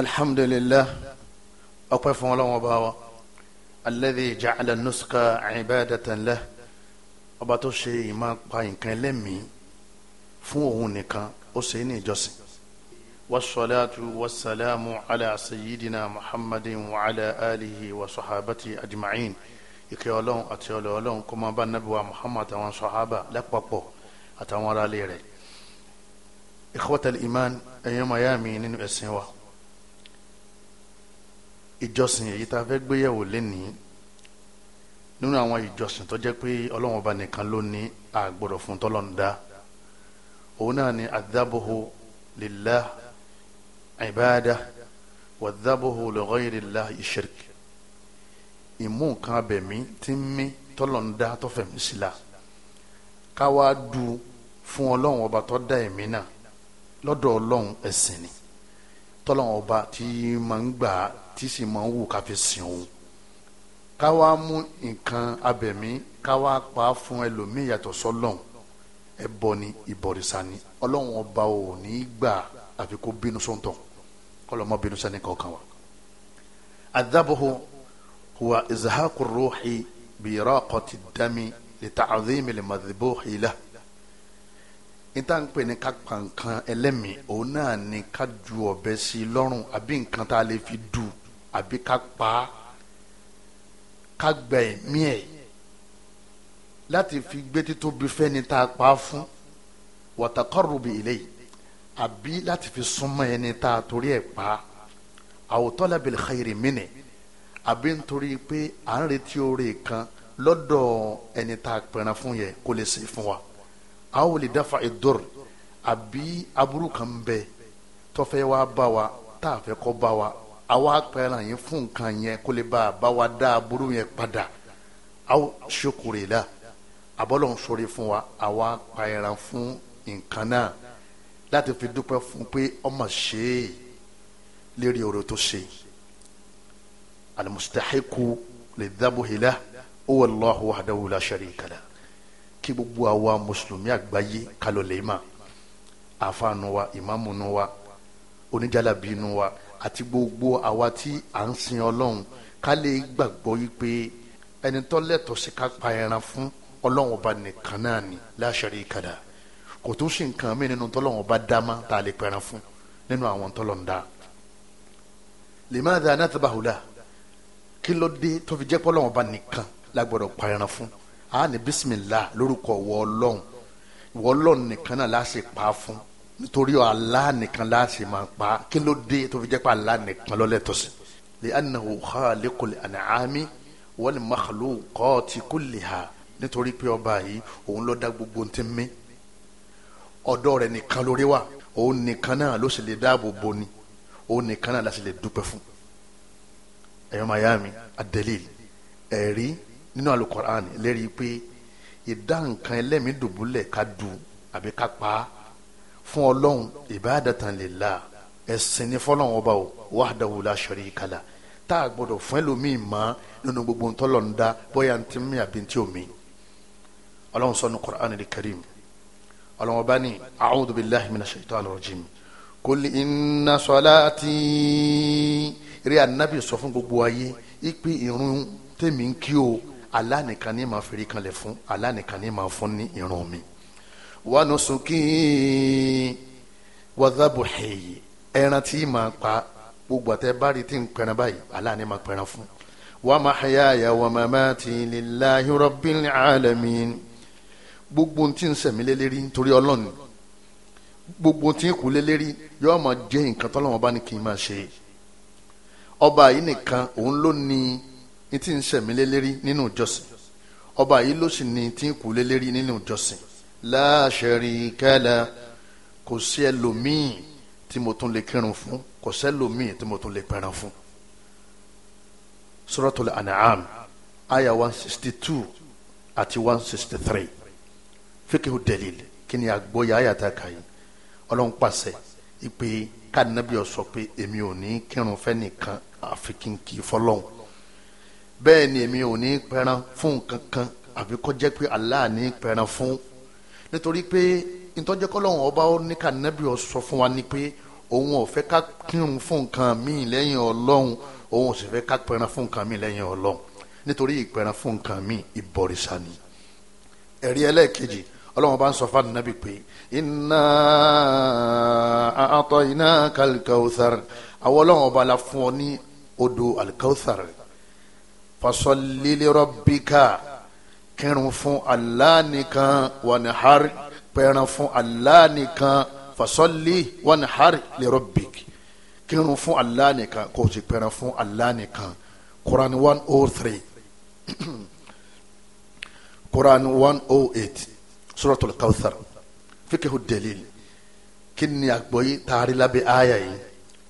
alhamdulillah ọpẹ́ fún Ọlọ́run ọba wa alladhi ja'ala nuska ibadatan lah ọba tó ṣe ìmọ̀ pa nǹkan lẹ́mìí fún òun nìkan ó ṣe é ní ìjọsìn wasalaatu wasalaamu ala sayyidina muhammadin wa ala alihi wa sahabati ajma'in ìkẹ́ ọlọ́run àti ọlọ́ ọlọ́run kó bá nábì wa muhammad àtàwọn sahaba lápapọ̀ àtàwọn aráalé rẹ̀ ikhwatal iman ẹ̀yẹ́ mayami nínú ẹ̀sìn wa ìjọsìn èyí tá a fẹ́ gbéyẹ̀wò lénìí nínú àwọn ìjọsìn tó jẹ́ pé ọlọ́run ọba nìkan ló ní àgbọ̀dọ̀ fún tọ́lọ́ǹda òun náà ni àdábòho lillah ìbáadá wàdábòho li ghayrillah ìṣirk ìmú nǹkan abẹ̀mí tí ń mí tọ́lọ́ǹda tó fẹ̀mí káwá du fún ọlọ́run ọba tó dá ẹ̀mí náà lọ́dọ̀ ọlọ́run ẹ̀sìn ni tọ́lọ́wọ́n ọba tí máa ń gbà tí sì máa ń wù ká fi sìn òun ká wá mú nǹkan abẹ̀mí ká wá pa fún ẹlòmíì yàtọ̀ sọ́lọ́hún ẹbọ ni ìbọ̀rìṣà ni ọlọ́wọ́n ọba ò ní gbà àfi kó bínú sọ́ńtọ̀ kọlọ́mọ bínú sẹ́ni kankan wa. adhabuhu huwa izhaku bi iraqati dami li ta'dhimi li madhbuhi níta ń pè ní ká kankan ẹlẹ́mìí òun náà ni ká ju ọ̀bẹ sí i lọ́rùn àbí nǹkan tá a lè fi dù àbí ká pa á ká gba ẹ̀mí ẹ̀ láti fi gbé títóbi fẹ́ni tá a pa á fún wàtàkọ́rùbì ilayhi àbí láti fi súnmọ́ ẹni tá a torí ẹ̀ pa á àwòtọ́lá bil khayri minni àbí nítorí pé à ń retí oore kan lọ́dọ̀ ẹni tá a pẹ̀ràn fún yẹ kó lè ṣe fún wa àwọn lè dáfa ìdọ́r àbí aburú kan bẹ tó fẹ́ wá bá wa tá a fẹ́ kó bá wa àwa pẹ̀lẹ́ yẹn fún nǹkan yẹn kó lè bá a bá wa dá aburú yẹn padà aw sukure la abọ́lọ́hún sori fún wa àwa pẹ̀lẹ́ fún nǹkan náà láti fi dúpẹ́ fún pé ọmọ ṣe lérí ọ̀rọ̀ tó ṣe alimustahiku lè dábòhìlá ó wà lọ́hùn wàhádàwùlá sharika la kí gbogbo àwa mùsùlùmí àgbáyé kalọ̀lẹ̀ ìmà àfàànù wa ìmáàmù nu wa oníjàlábí nu wa àti gbogbo àwa tí à ń sin ọlọ́run ká lè gbàgbọ́ yí pé ẹni tó lẹ́tọ̀ọ́ sí ká pa ẹran fún ọlọ́run ọba nìkan náà ni la sharika lah kò tún sí nǹkan mí nínú tọ́lọ́run ọba dáma tá a lè pẹran fún nínú àwọn tọ́lọ́run dá limadha nathabahu lah kí ló dé tó fi jẹ́ pọ́lọ́run ọba nìkan la pa ẹran fún a ní bisimilá lórúkọ wọ ọlọ́run wọ ọlọ́run nìkan náà láti pa fún nítorí Allah nìkan láti máa pa kí ló dé tó fi jẹ́ pé Allah nìkan lọ́lẹ̀ tọ́sí. li annahu khaliqul an'ami wal makhluqati kulliha nítorí pé ọba yìí òun ló dá gbogbo ti mí ọ̀dọ̀ rẹ̀ nìkan lórí wa òun nìkan náà ló sì lè dáàbò bo ni òun nìkan náà láti lè dúpẹ́ fún ẹ̀yọ́ mayami adelil ẹ̀rí. E nínú alukoran lẹ́rìí pé ìdá nǹkan ẹlẹ́mìí dùbúlẹ̀ ká du àbí ká pa á fún ọlọ́run ìbádàtàn lillah ẹ̀sìn ní fọlọ́run ọba o wahdahu la sharika lah tá a gbọ́dọ̀ fún ẹlòmíì mọ́ nínú gbogbo ntọ́lọ̀ ń da bóyá ntí mi àbí ntí omi ọlọ́run sọ ní koran ní karim ọlọ́run ọba ní a'udhu billahi minash shaitani rajim kul inna salati rí anabi sọ fún gbogbo ayé ipe irun tèmi ń kí o. Allah nìkan ni màá fèrè kanlẹ̀ fún Allah nìkan ni màá fún ní irun mi. wa nusuki wa dhabuhi ẹran tí màá pa gbogbo àtẹ bárí tí ń pẹran báyìí Allah ni màá pẹran fún. wa mahyaya wa mamati lillahi rabbil alamin gbogbo tí ń sẹ̀mí lélẹ́rí nítorí ọlọ́run gbogbo tí ń kú lélẹ́rí yóò máa jẹ́ nǹkan tọ́lọ́wọ́n bá ní kí n ṣe ọba yìí nìkan òun ló ní ní tí ń sẹ̀mí lélẹ́rí nínú ìjọsìn ọba yìí ló sì ní tí ń kú lélẹ́rí nínú ìjọsìn la sharika la kò sí ẹlòmíì tí mo tún lè kírun fún kò sẹ́lòmíì tí mo tún lè pẹ̀ràn fún. suratul an'am aya one sixty two àti one sixty three fíkìhù dalil kí ni àgbọ̀yà aya ta kàyí ọlọ́run pàṣẹ ìpè kánábíọ̀ sọ pé èmi ò ní kírun fẹ́ nìkan àfi kí n kì í fọlọ́hún bẹ́ẹ̀ ni èmi ò ní pẹran fún nǹkan kan àbí kó jẹ́ pé Allah ní pẹran fún nítorí pé ìtọ́jẹ́ kọ́lọ́hún ọba ní kànábì ó sọ fún wa ni pé òun ò fẹ́ ká kírun fún nǹkan míì lẹ́yìn ọlọ́run òun ò sì fẹ́ ká pẹran fún nǹkan míì lẹ́yìn ọlọ́run nítorí ìpẹran fún nǹkan míì ìbọ̀rìṣà ni ẹ̀rí ẹlẹ́ẹ̀kejì ọlọ́run bá ń sọ fáwọn nàbì pé inna a'tainakal kauthar àwọn ọlọ́run ọba la fún ọ ní odò al rẹ̀ fasalli li rabbika kírun fún Allah nìkan wanihar pẹran fún Allah nìkan fasalli wanihar li rabbik kírun fún Allah nìkan kò sì pẹran fún Allah nìkan Quran one oh three Quran one oh eight suratul kawthar fikihu delil kí ni taari lábẹ́ àyà yìí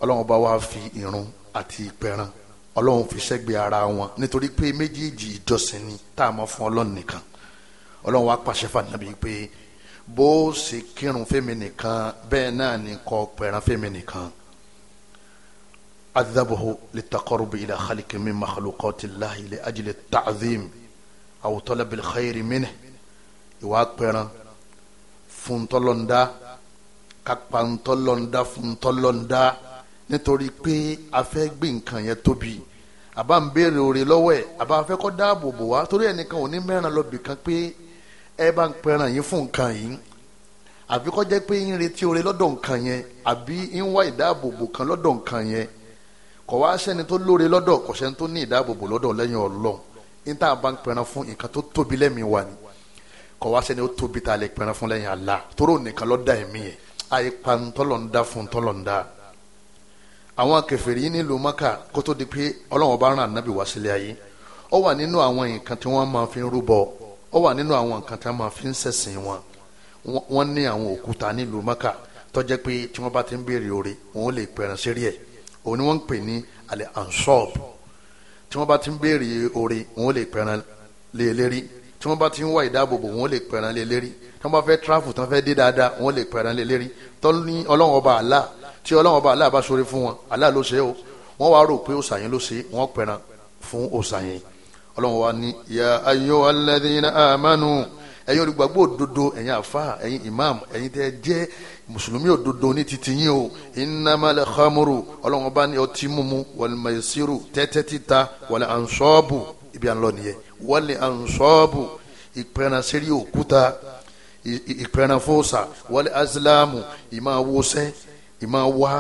ọlọ́run bá wá fi irun àti pẹran ọlọ́run fi sẹ́gbẹ̀ẹ́ ara wọn nítorí pé méjèèjì ìjọsìn ni tá a máa fún ọlọ́run nìkan ọlọ́run wá pàṣẹ fànàbí pé bó ṣe kírun fẹ́mi nìkan bẹ́ẹ̀ náà ni kó pẹ̀ràn fẹ́mi nìkan adhabahu litaqarrubi ila khalqi min makhluqati llahi li ajli ta'zim aw talabil khayri minhu ìwà pẹ̀ràn fún tọ́lọ́ndá kápá ń tọ́lọ́ndá fún nítorí pé a fẹ́ gbé nǹkan yẹn tóbi àbá ń béèrè oore lọ́wọ́ ẹ̀ àbá fẹ́ kọ́ dáàbò bò wá torí ẹnìkan ò ní mẹ́ràn lọ́bì kan pé ẹ bá ń pẹran yín fún nǹkan yìí àbí kọ́ jẹ́ pé ń retí oore lọ́dọ̀ nǹkan yẹn àbí ń wá ìdáàbòbò kan lọ́dọ̀ nǹkan yẹn kò wá sẹ́ni tó lóore lọ́dọ̀ kò sẹ́ni tó ní ìdáàbòbò lọ́dọ̀ lẹ́yìn Ọlọ́run ní tá a bá àwọn kèfèrí nílùú maka kótó di pé Ọlọ́run bá anabi wá ayé ó wà nínú àwọn nǹkan tí fi ń rúbọ ó wà nínú àwọn nǹkan tí fi ń sẹ̀sìn wọn wọ́n ní àwọn òkúta nílùú maka tó jẹ́ pé tí wọ́n bá ti ń béèrè wọn ò lè pẹ̀rẹ̀ ẹ̀ òun ni wọ́n ń pè ní alẹ́ tí wọ́n bá ti ń béèrè wọn ò lè pẹ̀rẹ̀ tí wọ́n bá ti ń wá ìdáàbòbò wọn ò lè pẹ̀rẹ̀ tí wọ́n bá fẹ́ tí wọ́n fẹ́ dé dáadáa wọn tí ọlọ́run ọba aláàbá sórí fún wọn aláà ṣe o wọ́n wá rò pé òsàyẹn ló ṣe wọ́n pẹran fún òsàyẹn ọlọ́run wa ní ya ayo ladhina amanu ẹ̀yin olùgbàgbọ́ òdodo ẹ̀yin àfa ẹ̀yin imam ẹ̀yin tẹ́ jẹ́ mùsùlùmí òdodo ní titi yín o innamal khamru ọlọ́run ọba ní ọtí mímu wal maisiru tẹ́tẹ́ títa wal ansọ́ọ̀bù ibi à ń lọ nìyẹn wal ansọ́ọ̀bù ìpẹran sẹ́rí òkúta ìpẹran fóòsà wal azlamu ìmáwósẹ́ ìmọ̀ wá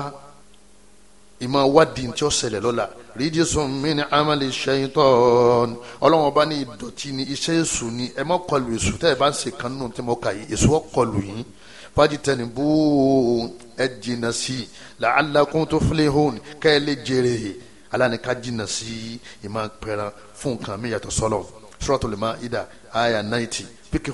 ìmọ̀ wádìí tí ó ṣẹlẹ̀ lọ́la rídíṣùn mi ní amali ṣẹ́yìntàn ọlọ́wọ́n bá ní ìdọ̀tí ní iṣẹ́ èṣù ni ẹ má kọlu èṣù tẹ́ ẹ bá ń ṣe kan nù tí mo kà yìí èṣù ọkọlù yìí fájitẹni bú ẹ jìnnà sí i làálàkùn tó filẹ̀ hón kẹ́ ẹ lè jèrè alánika jìnnà sí i ìmọ̀ pẹ̀rẹ̀ fún nǹkan mi yàtọ̀ sọ́lọ̀ Suratul Maida àyà náìtì píkẹ́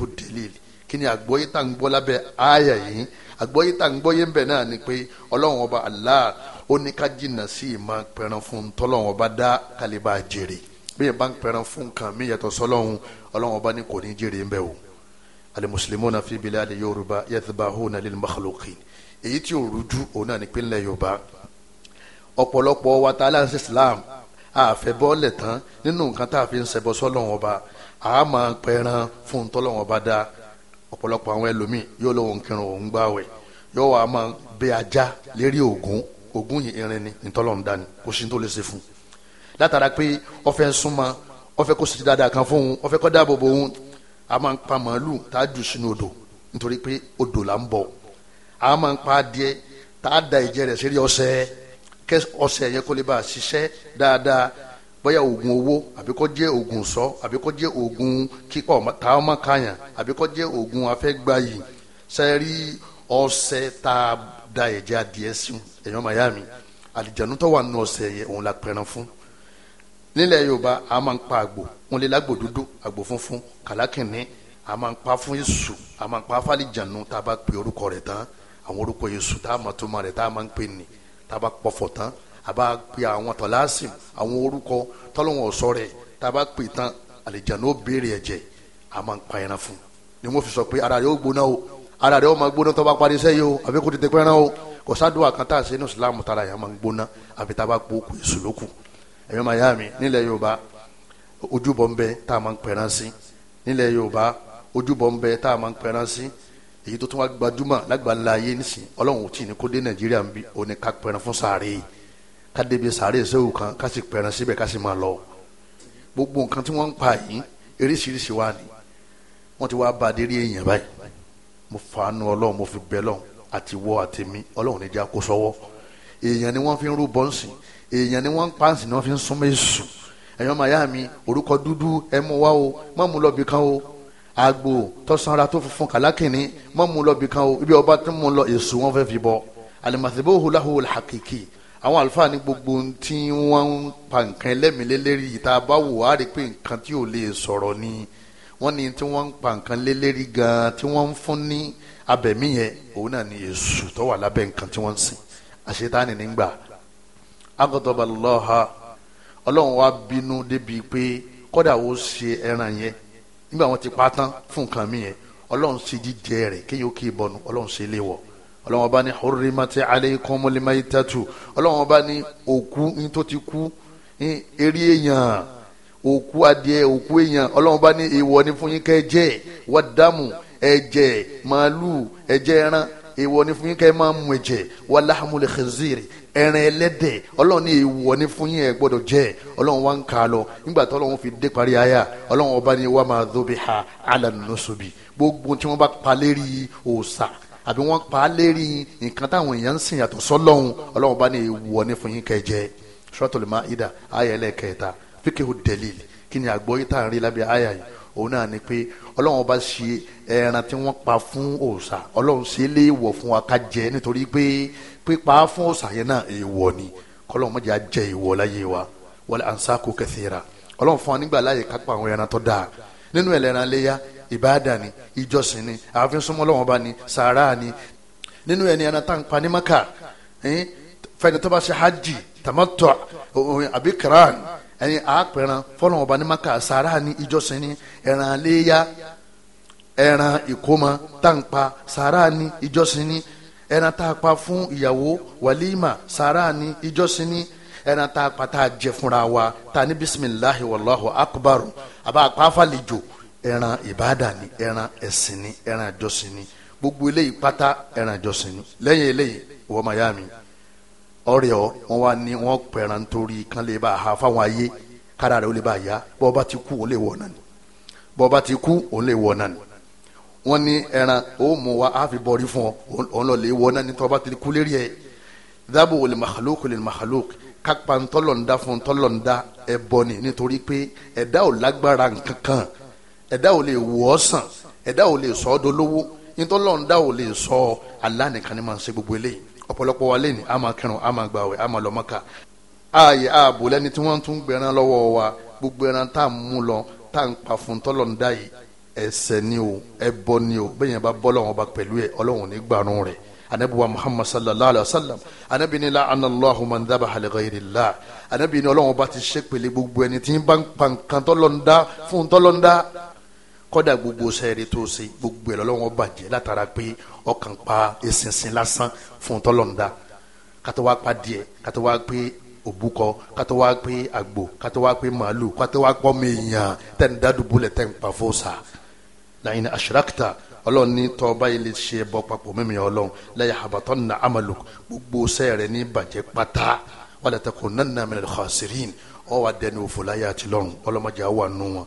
kí ni àgbọ́yé tá ń gbọ́ lábẹ́ àyà yìí àgbọ́yé tá ń gbọ́yé ń bẹ̀ náà ni pé ọlọ́run ọba Allah ó ní ká jìnnà sí ìmọ̀ pẹran fún tọ́lọ́run ọba dá kálíbà jèrè bí bá ń pẹran fún nǹkan mí yàtọ̀ sọ́lọ́run ọlọ́run ọba ní kò ní jèrè ń bẹ̀ o alimusulimuna fi biladi Yorùbá yathbahuna lil makhluqin èyí tí ò rújú òun náà ní pínlẹ̀ Yorùbá ọ̀pọ̀lọpọ̀ wa ta aláǹsí Islam àfẹ́bọ́lẹ̀ tán nínú nǹkan tá a fi ń ṣẹbọ sọ́lọ́run ọba àá pẹran fún tọ́lọ́run ọba dáa ọ̀pọ̀lọpọ̀ àwọn ẹlòmíì yóò lóun kírun òun gbààwẹ̀ yóò wá máa bẹ ajá lérí ògún ògún yìí irin ni ntọ́lọ́run dání kò sí ní tó lè ṣe fún un látara pé ọfẹ́ súnmọ́ ọfẹ́ kò sì dáadáa kan fóun ọfẹ́ kọ́ dáàbò bo òun a máa ń pa màálù tá a jù sínú odò nítorí pé odò là ń bọ̀ a máa ń pa adìẹ tá a da ìjẹ rẹ̀ sí ọṣẹ kẹ ọṣẹ yẹn kó lè bá a ṣiṣẹ́ dáadáa bóyá oògùn owó àbí kó jẹ́ oògùn sọ àbí kó jẹ́ oògùn kíkọ́ tá a máa kàyàn àbí kó jẹ́ oògùn afẹ́gbayì sẹ́rí ọṣẹ tá a da ẹ̀jẹ̀ adìẹ sí ẹ̀yọ́ mayami àlìjánu tó wà nínú ọṣẹ yẹn òun la pẹran fún nílẹ̀ yorùbá a máa ń pa àgbò wọn lè lágbò dúdú àgbò funfun kàlákìnní a máa ń pa fún Jésù a máa ń pa fálìjánu tá a bá pe orúkọ rẹ̀ tán àwọn orúkọ Jésù tá a máa tó ma rẹ̀ tá a máa ń pè ní tá a bá pọ̀fọ̀ tán àbá pe àwọn tọ́lásìm àwọn orúkọ tọ́lọ́wọ̀n ọ̀sọ́ rẹ̀ tá a bá pè tán àlìjáná ó béèrè ẹ̀jẹ̀ a máa ń pa ẹran fún ni wọ́n fi sọ pé ara rẹ̀ ó gbóná o ara rẹ̀ ó máa gbóná tó bá parí iṣẹ́ yìí o àbí kò tètè pẹ́ràn o kò sádùá kan tá a ṣe ní ìsìlámù tara yẹn máa ń gbóná àbí tá a bá po okùn èṣù lókù ẹ̀yọ́ máa yá mi nílẹ̀ Yorùbá ojúbọ ń bẹ tá a máa ń pẹ̀ràn sí nílẹ̀ Yorùbá ojúbọ ń bẹ tá a máa ń pẹ̀ràn sí èyí tó tún wá gbajúmọ̀ lágbàlá nísìnyí ọlọ́run ò tí ì ní kó dé Nàìjíríà ń bí òní fún sàárè yìí ká débi sàárè sẹ́wù kan ká sì pẹ̀rẹ̀ síbẹ̀ ká sì máa lọ gbogbo nǹkan tí wọ́n ń pa yìí eríṣiríṣi wà ní wọ́n ti wá bá a dérí èèyàn báyìí mo fàánú ọlọ́run mo fi bẹ́ lọ́run àti wọ́ àtẹ̀mí ọlọ́run níjà kó sọ́wọ́ èèyàn ni wọ́n fi ń rú bọ́ǹsì èèyàn ni wọ́n ń pàǹsì ni wọ́n fi ń súnmọ́ èṣù ẹ̀yọ́ màyá mi orúkọ dúdú ẹ mú wá o má mú lọ bìkan o àgbò tọ́sanra tó funfun kàlákìnní má mú lọ bìkan o ibi ọba tó mú lọ èṣù wọn fẹ́ fi bọ alimasibohu alhakiki àwọn àlùfáà ní gbogbo tí wọ́n ń pa nǹkan ẹlẹ́mìí lélérí yìí tá a bá wò á rí i pé nǹkan tí ò lè sọ̀rọ̀ ni wọ́n ní tí wọ́n ń pa nǹkan lélérí gan-an tí wọ́n ń fún ní abẹ̀mí yẹn òun náà ni èṣù tó wà lábẹ́ nǹkan tí wọ́n ń sìn àṣetáni nígbà agọ́dọ̀bà lọ́ha ọlọ́run wa bínú débi pé kọ́dà ó ṣe ẹran yẹn nígbà wọn ti pa tán fún nǹkan mi yẹn ọlọ́run ṣe jíjẹ rẹ̀ kéèyàn ó kí ọlọ́run ṣe léwọ̀ọ́ ọlọ́wọ́n bá ní hurrimati alaykumul maytatu ọlọ́wọ́n bá ní òkú ní tó ti kú ní eré èèyàn òkú adìẹ òkú èèyàn ọlọ́wọ́n bá ní èèwọ̀ ní fún yín kẹ́ jẹ́ wàdàmù ẹ̀jẹ̀ màálù ẹ̀jẹ̀ ẹran èèwọ̀ ní fún yín kẹ́ máa mú ẹ̀jẹ̀ walahmul khiziri ẹran ẹlẹ́dẹ̀ ọlọ́run ní èèwọ̀ ní fún yín ẹ̀ gbọ́dọ̀ jẹ́ ọlọ́run wá ń kà á lọ nígbà tó ọlọ́run fi dé parí aya ọlọ́run ọba ní wàá dóbi ha ala nusubi gbogbo tí wọ́n bá pa òòsà àbí wọ́n pa á lérí nǹkan táwọn èèyàn ń sìn yàtọ̀ sọ́lọ́hún ọlọ́run bá ní ìwọ ní fún yín kẹjẹ Suratul Maida àyà ẹlẹ́kẹta fíkẹ́hù dẹ̀lìlì kí ni àgbọ̀ yìí tá à ń rí lábẹ́ àyà yìí òun náà ni pé ọlọ́run bá ṣe ẹran tí wọ́n pa fún òòṣà ọlọ́run ṣe é léèwọ̀ fún wa ká jẹ nítorí pé pípa fún òòṣà yẹn náà èèwọ̀ ni kọ́lọ́run mọ̀jà jẹ èèwọ̀ láyé wa wọlé ansako kẹsìrà ọlọ́run fún wa nígbà láyè kápá àwọn ẹran tó dáa nínú ẹlẹ́ran léyà ìbáàdà ni ìjọsìn ni àfin súnmọ́ Ọlọ́hun Ọba ni sàárà ni nínú ẹni ẹni tá n pa ní maka fẹni tó bá ṣe hajj tamattu àbí kiran ẹni àpẹran fọlọ́wọ́n Ọba ní maka sàárà ni ìjọsìn ni ẹran léyà ẹran ìkómọ tá n pa sàárà ni ìjọsìn ni ẹran tá a pa fún ìyàwó wàlímà sàárà ni ìjọsìn ni ẹran tá pa tá jẹ fúnra wa tá a ní bisimilahi wàlláhu akbar àbá àpá falẹ̀ jò ẹran ìbáàdà ni ẹran ẹ̀sìn ni ẹran ìjọsìn ni gbogbo eléyìí pátá ẹran ìjọsìn ni lẹ́yìn eléyìí wọ́n máa yá mi ọ̀rẹ́ ọ wọn wá ní wọn pẹ̀ràn torí kan lè bá a ha fáwọn ayé kára rẹ̀ ó lè bá a yá bọ́ọ̀ bá ti kú òun lè wọ̀ náà ni bọ́ọ̀ bá ti kú òun lè wọ̀ náà ni wọ́n ní ẹran ó mú wa á fi bọrí fún ọ òun lè wọ̀ náà ni tọ́ba ti kú lérí ẹ dábò wòlé mahalóku lè mahalóku kápá ntọ́lọ̀ ń da fún ntọ́lọ̀ ń da ẹbọ ni nítorí pé ẹ̀dá ò lágbára nǹkan ẹ̀dá ò lè wò ọ́ sàn ẹ̀dá ò lè sọ ọ́ dolówó nítọ́lọ́run dá ò lè sọ ọ́ ni máa ń ṣe gbogbo eléyìí ọ̀pọ̀lọpọ̀ wa lẹ́yìn a máa kírun a máa gbàwẹ̀ a ààyè ààbò lẹ́ni tí wọ́n tún gbẹran lọ́wọ́ wa gbogbo ẹran tá à mú lọ tá à ń pa fún tọ́lọ́run dá yìí ẹ̀ṣẹ̀ ni o ẹbọ ni o bẹ́ẹ̀ yẹn bá bọ́ lọ́wọ́ ba pẹ̀lú ẹ̀ ọlọ́run ní gbàrún rẹ̀ anabi wa muhammad sallallahu alaihi wa sallam anabi anallahu mandaba dhabaha li ghayri Allah anabi ni ọlọ́run bá ti ṣépele gbogbo ẹni tí ń bá ń pa nǹkan tọ́lọ́run fún tọ́lọ́run kọ́dà gbogbo sẹ́ẹ̀rì tó ṣe gbogbo ẹ̀ lọ́wọ́ bàjẹ́ látara pé ọkàn pa eṣinṣin lásán fún tọ́lọ́ǹda kátó wá pa díẹ̀ kátó wá pé òbúkọ kátó wá pé àgbò kátó wá pé màálù kátó wá pọ́ mi yàn tẹ́ni dádùbúlẹ̀ tẹ́ni pa fóòsà lẹ́yìn aṣírákítà ọlọ́run ní tọ́ báyìí lè ṣe bọ́ papọ̀ mímì ọlọ́run lẹ́yìn àbàtọ́ nà amalu gbogbo sẹ́ẹ̀rẹ̀ ní bàjẹ́ pátá wàlẹ̀ tẹkùn nánà min al-khasirin ọ wà dẹni òfò láyé àtìlọ́run ọlọ́mọdé àwọn àánú wọn